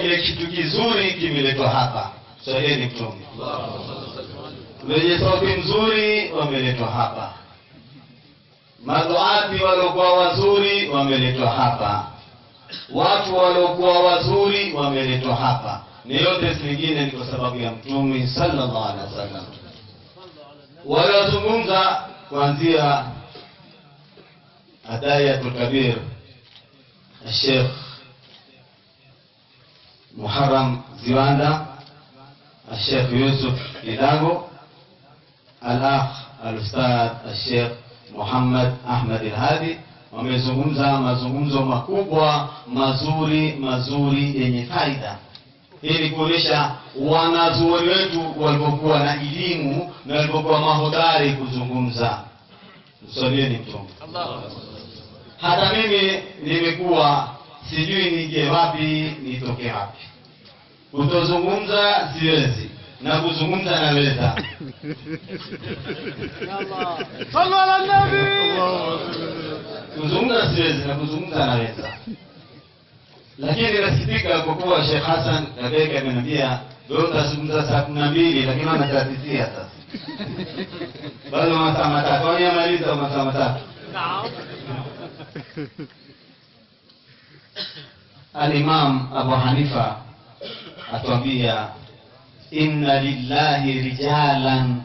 kile kitu kizuri kimeletwa hapa. Swahili Mtume wenye sauti nzuri wameletwa hapa, maduati waliokuwa wazuri wameletwa hapa, watu waliokuwa wazuri wameletwa hapa. Ni yote zingine ni kwa sababu ya Mtume sallallahu alaihi wasallam. Waliozungumza kuanzia Hidayatulkabir Sheikh Muharram Ziwanda, Sheikh Yusuf Idago, al-akh al ustad Sheikh Muhammad Ahmad al-Hadi wamezungumza mazungumzo makubwa mazuri mazuri yenye faida ili kuonyesha wanazuoni wetu walipokuwa na elimu na walipokuwa mahodari kuzungumza. Msalieni Mtume. Hata mimi nimekuwa sijui nije wapi nitoke wapi. Kutozungumza siwezi na kuzungumza naweza. Kuzungumza siwezi na kuzungumza naweza, lakini nasikika kwa kuwa Sheikh Hassan Kabeke ameniambia leo tazungumza saa kumi na mbili, lakini anasisitiza sasa bado masaa matatu, amaliza masaa matatu Alimam Abu Hanifa atwambia, inna lillahi rijalan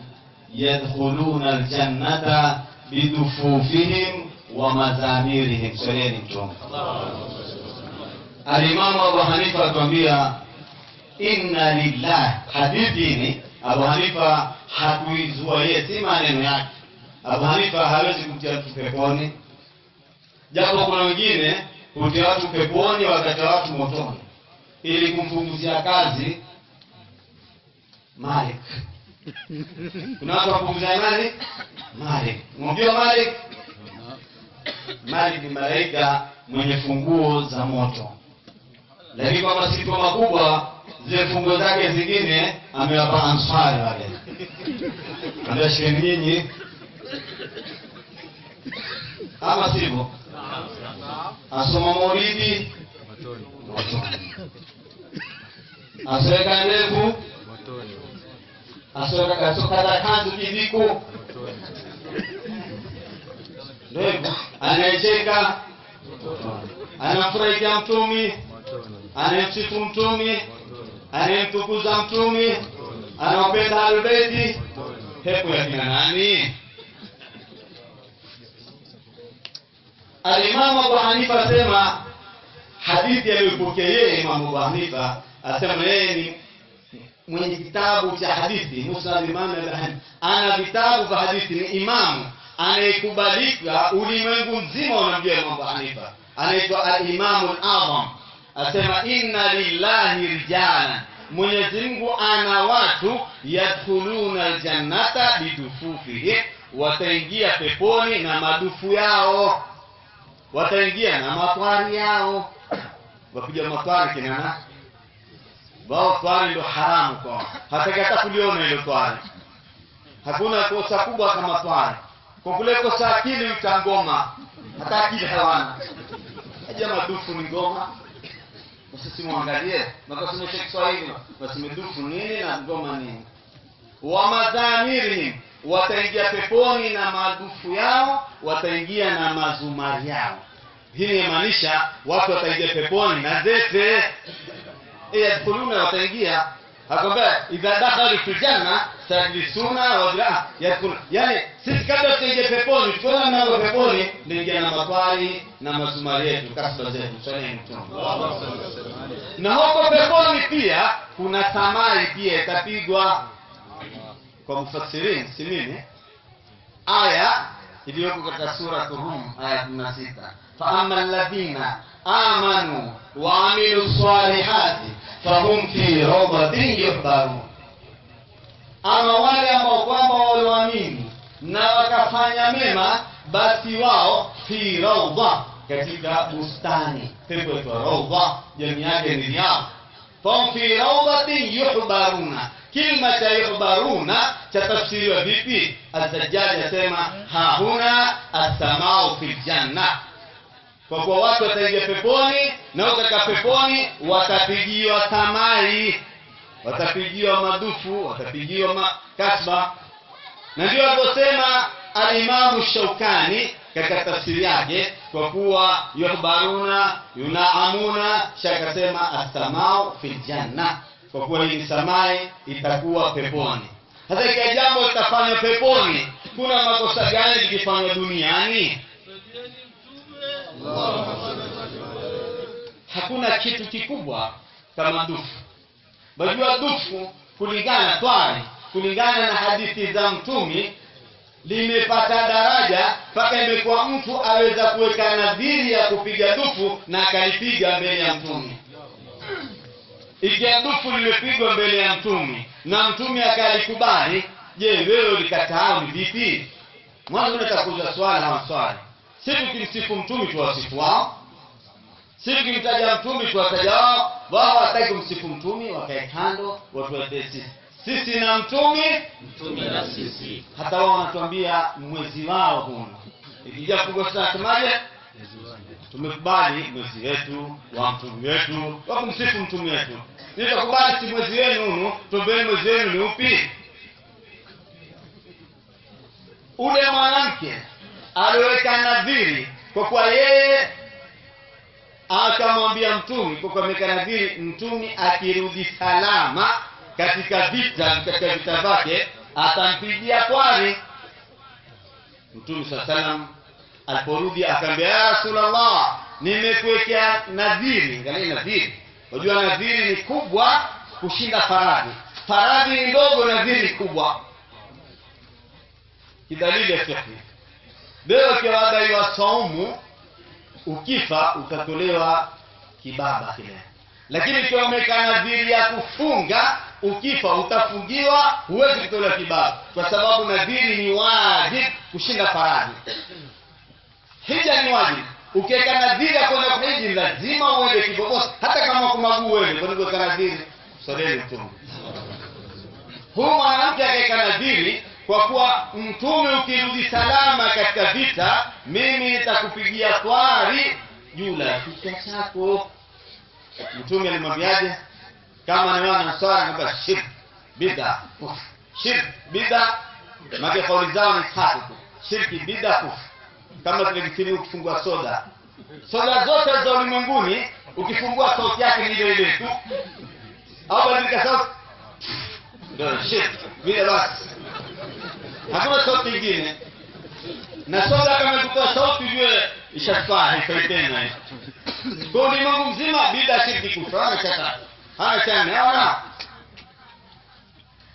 yadkhuluna aljannata bidufufihim wa mazamirihim. Swaleni Mtume. Alimamu Abu Hanifa atwambia, inna lillahi, hadithi ni Abu Hanifa hakuizua yeye, si maneno yake. Abu Hanifa hawezi kumtia mtu peponi, japo kuna wengine kutia watu peponi, wakata watu motoni, ili kumpunguzia kazi Malik. Kuna watu wapunguzia nani? Malik. Unamjua Malik? Malik ni malaika mwenye funguo za moto, lakini kwa masifa makubwa zile funguo zake zingine amewapa Ansari wale ambia shikeni nyinyi, ama sivyo asoma maulidi asweka ndevu asokata kanzu kiviku ndevu, anayecheka anamfurahisha mtumi, anayemsifu mtumi, anayemtukuza mtumi, anaopenda alubedi, ya kina nani? Alimamu Abu Hanifa asema hadithi aliyopokea yeye Imamu Abu Hanifa asema yeye ni mwenye kitabu cha hadithi Musnad Imam Abu Hanifa, ana vitabu vya hadithi, ni imamu anayekubalika ulimwengu mzima unamjua Imam Abu Hanifa, anaitwa al imam al-Azam. Asema inna lillahi rijalan. Mwenyezi Mungu ana watu yadkhuluna aljannata bidufufihi wataingia peponi na madufu yao wataingia na matwari yao wapiga matwari kinana wao twari ndio haramu kwa hataki hata kuliona ile twari hakuna kosa kubwa kama twari kwa kule kosa akili utangoma hata akili hawana Aje madufu ni ngoma sisi muangalie makasomesha Kiswahili wasimedufu nini na ngoma nini wa madhamiri wataingia peponi na madufu yao wataingia na mazumari yao hii inamaanisha watu wataingia peponi na zete yadkhuluna, wataingia akwambia idha dakhalu fi janna sajlisuna wa yadkhuluna, yani sisi kabla tutaingia peponi, tukiona mlango peponi, tunaingia na mapari na mazumari yetu, kasba zetu, swaleni Mtume. Na huko peponi pia kuna samai pia itapigwa, kwa mufasirini, si mimi, aya iliyoko katika sura Rum aya 16 فأما الذين آمنوا وعملوا الصالحات fahum fi rawdatin yuhbarun, ama wale ambao kwamba walioamini na wakafanya mema, basi wao fi rawda, katika bustani pepoitwa rawda, jamii yake ni riadha. Fahum fi rawdatin yuhbaruna. kima cha yuhbaruna cha tafsiriwa vipi? Azzajaji asema hahuna assamau fi ljanna kwa kuwa watu wataingia peponi na wataka peponi watapigiwa tamari watapigiwa madufu, watapigiwa makasba. Na ndio alivyosema Alimamu Shaukani katika tafsiri yake, kwa kuwa yuhbaruna yunaamuna, shakasema assamau fi janna, kwa kuwa hii samai itakuwa peponi. Sasa ikiwa jambo litafanywa peponi, kuna makosa gani likifanywa duniani? Hakuna kitu kikubwa kama dufu. Najua dufu kulingana twari kulingana na hadithi za Mtume limepata daraja mpaka imekuwa mtu aweza kuweka nadhiri ya kupiga dufu na akalipiga mbele ya Mtume. Ikiwa dufu limepigwa mbele ya Mtume na Mtume akalikubali, je, wewe ulikataa vipi? Mwanzo nataka kuuliza swali, swali si tukimsifu mtumi tuwasifu wao, si tukimtaja mtumi tuwataja wao. Wao hawataki kumsifu mtumi, wakae kando, watuletee sisi sisi na mtumi mtumi na sisi. Hata wao wanatuambia mwezi wao huna, ikija kubwa sana nasemaje? Tumekubali mwezi wetu wa mtumi wetu wa kumsifu mtumi wetu, nitakubali si mwezi wenu hunu, tombeni mwezi wenu ni upi? Ule mwanamke aliweka nadhiri, kwa kuwa yeye akamwambia mtumi, kwa kuwa ameweka nadhiri mtumi akirudi salama katika vita, katika vita vyake atampigia kwari. mtumi saa salam aliporudi akaambia, ya Rasulullah, nimekuwekea nadhiri. Angalia nadhiri, unajua nadhiri ni kubwa kushinda faradhi. Faradhi ni ndogo, nadhiri kubwa, kidalili ya fiqhi Leo baada saumu ukifa utatolewa kibaba kile, lakini ikiwa umeweka nadhiri ya kufunga ukifa utafungiwa, huwezi kutolewa kibaba, kwa sababu nadhiri ni wajib kushinda faradhi. Hija ni wajibu. Ukiweka nadhiri ya kwenda kuhiji lazima uende kibobosi, hata kama uko maguu wewe, nadhiri soreli utungu. Huyu mwanamke akaweka nadhiri kwa kuwa mtume ukirudi salama katika vita, mimi nitakupigia twari juu la kichwa chako. Mtume alimwambiaje? kama ni wana shib bida shib bida mage kauli zao ni tatu shirki bida puf, kama kile kisimu ukifungua soda soda zote za ulimwenguni ukifungua sauti yake ni ile ile tu au badilika sauti, ndio shirki bila basi Hakuna sauti nyingine. Na swala kama kutoa sauti jue ishafaa haitaitena. Kwa ulimwengu mzima bila shirki kufana chata. Hana cha naona.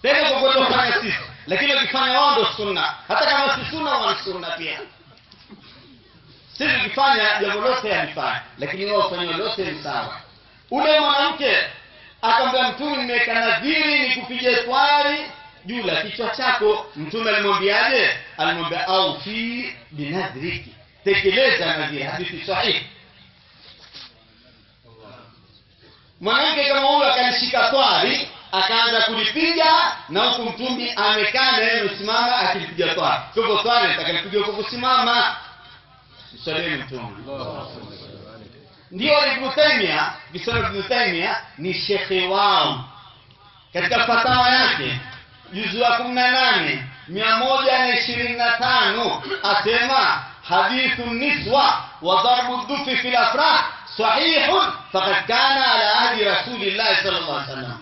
Tena kwa kutofanya sisi, lakini ukifanya wao ndo sunna. Hata kama si sunna wao ni sunna pia. Sisi tukifanya jambo lote halifai, lakini wao fanya lote ni sawa. Ule mwanamke akamwambia Mtume, nimeweka nadhiri nikupige swali juu la kichwa chako. Mtume alimwambiaje? Alimwambia aufi binadhriki, tekeleza nadhiri. Hadithi sahihi. Mwanamke kama huyu akalishika twari akaanza kulipiga, na huku mtumi amekaa na yeye amesimama akilipiga twari. Kwa hivyo twari atakalipiga kwa kusimama. Msalini mtume ndio Ibn Taymiyyah, visema Ibn Taymiyyah ni shekhe wao katika fatawa yake juzu ya kumi na nane mia moja na ishirini na tano asema hadithu niswa wa darbu dhufi fi lafrah sahihun fakad kana ala ahdi rasulillahi sallallahu llah wasallam,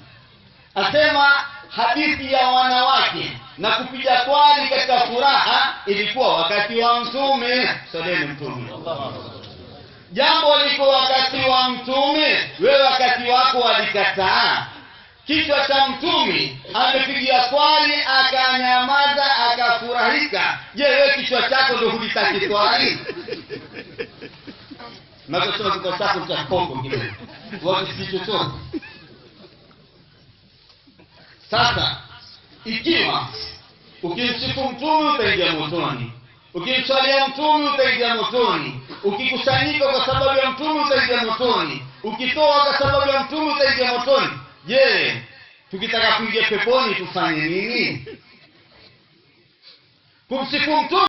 asema hadithi ya wanawake na kupiga kwali katika furaha ilikuwa wakati wa mtume saleni mtume jambo liko wakati wa mtume wewe wakati wako walikataa kichwa cha mtumi amepigia swali akanyamaza akafurahika. Je, wewe kichwa chako ndio hulitaki swali? Nakosema kichwa chako cha Kongo kile chochote. Sasa ikiwa ukimsifu mtumi utaingia motoni, ukimswalia mtumi utaingia motoni, ukikusanyika kwa sababu ya mtumi utaingia motoni, ukitoa kwa sababu ya mtumi utaingia motoni. Je, tukitaka kuingia peponi tufanye nini? Kumsifu mtume